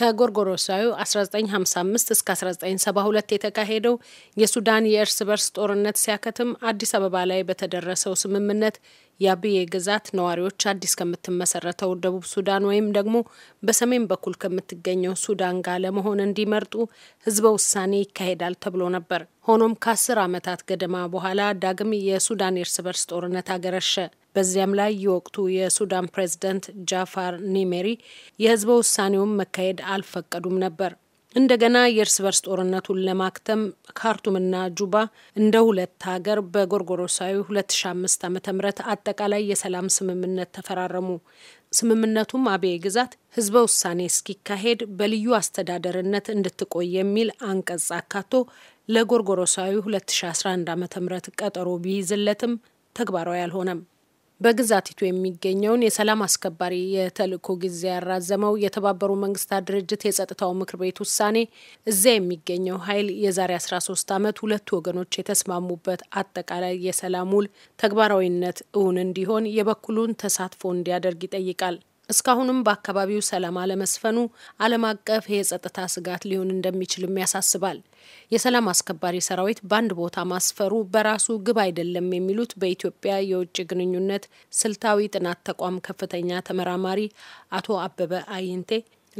ከጎርጎሮሳዊ 1955 እስከ 1972 የተካሄደው የሱዳን የእርስ በርስ ጦርነት ሲያከትም አዲስ አበባ ላይ በተደረሰው ስምምነት የአብዬ ግዛት ነዋሪዎች አዲስ ከምትመሰረተው ደቡብ ሱዳን ወይም ደግሞ በሰሜን በኩል ከምትገኘው ሱዳን ጋር ለመሆን እንዲመርጡ ህዝበ ውሳኔ ይካሄዳል ተብሎ ነበር። ሆኖም ከአስር ዓመታት ገደማ በኋላ ዳግም የሱዳን የእርስ በርስ ጦርነት አገረሸ። በዚያም ላይ የወቅቱ የሱዳን ፕሬዝደንት ጃፋር ኒሜሪ የህዝበ ውሳኔውን መካሄድ አልፈቀዱም ነበር። እንደገና የእርስ በርስ ጦርነቱን ለማክተም ካርቱምና ጁባ እንደ ሁለት ሀገር በጎርጎሮሳዊ 2005 ም አጠቃላይ የሰላም ስምምነት ተፈራረሙ። ስምምነቱም አብዬ ግዛት ህዝበ ውሳኔ እስኪካሄድ በልዩ አስተዳደርነት እንድትቆይ የሚል አንቀጽ አካቶ ለጎርጎሮሳዊ 2011 ም ቀጠሮ ቢይዝለትም ተግባራዊ አልሆነም። በግዛቲቱ የሚገኘውን የሰላም አስከባሪ የተልእኮ ጊዜ ያራዘመው የተባበሩ መንግስታት ድርጅት የጸጥታው ምክር ቤት ውሳኔ እዚያ የሚገኘው ኃይል የዛሬ 13 ዓመት ሁለቱ ወገኖች የተስማሙበት አጠቃላይ የሰላም ውል ተግባራዊነት እውን እንዲሆን የበኩሉን ተሳትፎ እንዲያደርግ ይጠይቃል። እስካሁንም በአካባቢው ሰላም አለመስፈኑ ዓለም አቀፍ የጸጥታ ስጋት ሊሆን እንደሚችልም ያሳስባል። የሰላም አስከባሪ ሰራዊት በአንድ ቦታ ማስፈሩ በራሱ ግብ አይደለም የሚሉት በኢትዮጵያ የውጭ ግንኙነት ስልታዊ ጥናት ተቋም ከፍተኛ ተመራማሪ አቶ አበበ አይንቴ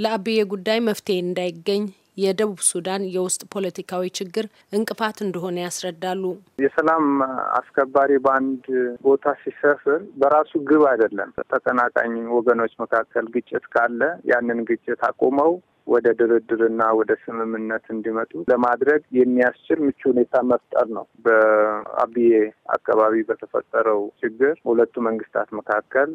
ለአብዬ ጉዳይ መፍትሄ እንዳይገኝ የደቡብ ሱዳን የውስጥ ፖለቲካዊ ችግር እንቅፋት እንደሆነ ያስረዳሉ። የሰላም አስከባሪ በአንድ ቦታ ሲሰፍር በራሱ ግብ አይደለም። ተቀናቃኝ ወገኖች መካከል ግጭት ካለ ያንን ግጭት አቁመው ወደ ድርድርና ወደ ስምምነት እንዲመጡ ለማድረግ የሚያስችል ምቹ ሁኔታ መፍጠር ነው። በአብዬ አካባቢ በተፈጠረው ችግር በሁለቱ መንግስታት መካከል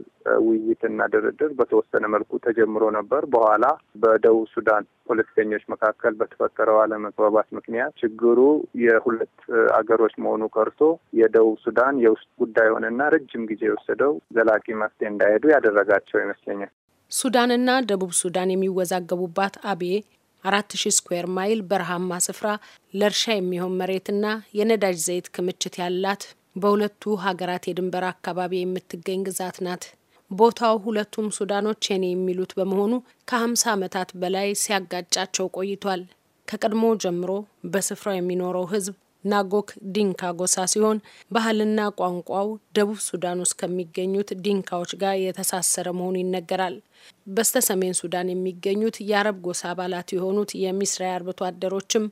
ውይይትና ድርድር በተወሰነ መልኩ ተጀምሮ ነበር። በኋላ በደቡብ ሱዳን ፖለቲከኞች መካከል በተፈጠረው አለመግባባት ምክንያት ችግሩ የሁለት አገሮች መሆኑ ቀርቶ የደቡብ ሱዳን የውስጥ ጉዳይ ሆነና ረጅም ጊዜ የወሰደው ዘላቂ መፍትሄ እንዳይሄዱ ያደረጋቸው ይመስለኛል። ሱዳንና ደቡብ ሱዳን የሚወዛገቡባት አቤ አራት ሺ ስኩዌር ማይል በረሃማ ስፍራ ለእርሻ የሚሆን መሬትና የነዳጅ ዘይት ክምችት ያላት በሁለቱ ሀገራት የድንበር አካባቢ የምትገኝ ግዛት ናት። ቦታው ሁለቱም ሱዳኖች የኔ የሚሉት በመሆኑ ከ50 ዓመታት በላይ ሲያጋጫቸው ቆይቷል። ከቀድሞ ጀምሮ በስፍራው የሚኖረው ሕዝብ ናጎክ ዲንካ ጎሳ ሲሆን ባህልና ቋንቋው ደቡብ ሱዳን ውስጥ ከሚገኙት ዲንካዎች ጋር የተሳሰረ መሆኑ ይነገራል። በስተ ሰሜን ሱዳን የሚገኙት የአረብ ጎሳ አባላት የሆኑት የሚስራ አርብቶ አደሮችም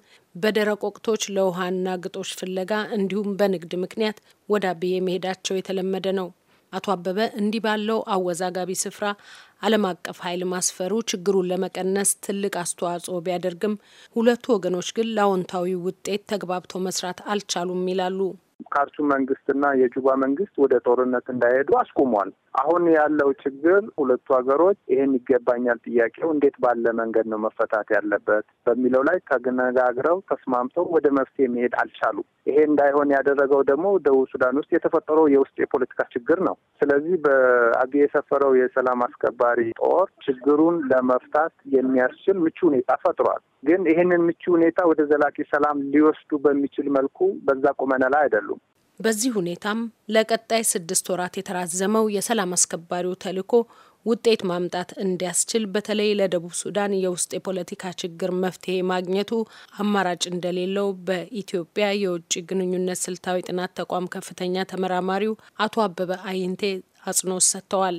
በደረቅ ወቅቶች ለውሃና ግጦሽ ፍለጋ እንዲሁም በንግድ ምክንያት ወደ አብዬ መሄዳቸው የተለመደ ነው። አቶ አበበ እንዲህ ባለው አወዛጋቢ ስፍራ ዓለም አቀፍ ኃይል ማስፈሩ ችግሩን ለመቀነስ ትልቅ አስተዋጽኦ ቢያደርግም ሁለቱ ወገኖች ግን ለአዎንታዊ ውጤት ተግባብተው መስራት አልቻሉም ይላሉ። ካርቱም መንግስትና የጁባ መንግስት ወደ ጦርነት እንዳይሄዱ አስቁሟል። አሁን ያለው ችግር ሁለቱ ሀገሮች ይህን ይገባኛል ጥያቄው እንዴት ባለ መንገድ ነው መፈታት ያለበት በሚለው ላይ ተነጋግረው ተስማምተው ወደ መፍትሄ መሄድ አልቻሉም። ይሄ እንዳይሆን ያደረገው ደግሞ ደቡብ ሱዳን ውስጥ የተፈጠረው የውስጥ የፖለቲካ ችግር ነው። ስለዚህ በአብይ የሰፈረው የሰላም አስከባሪ ጦር ችግሩን ለመፍታት የሚያስችል ምቹ ሁኔታ ፈጥሯል። ግን ይህንን ምቹ ሁኔታ ወደ ዘላቂ ሰላም ሊወስዱ በሚችል መልኩ በዛ ቁመና ላይ አይደሉም። በዚህ ሁኔታም ለቀጣይ ስድስት ወራት የተራዘመው የሰላም አስከባሪው ተልኮ ውጤት ማምጣት እንዲያስችል በተለይ ለደቡብ ሱዳን የውስጥ የፖለቲካ ችግር መፍትሄ ማግኘቱ አማራጭ እንደሌለው በኢትዮጵያ የውጭ ግንኙነት ስልታዊ ጥናት ተቋም ከፍተኛ ተመራማሪው አቶ አበበ አይንቴ አጽንኦት ሰጥተዋል።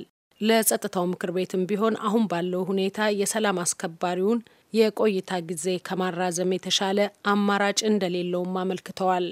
ለጸጥታው ምክር ቤትም ቢሆን አሁን ባለው ሁኔታ የሰላም አስከባሪውን የቆይታ ጊዜ ከማራዘም የተሻለ አማራጭ እንደሌለውም አመልክተዋል።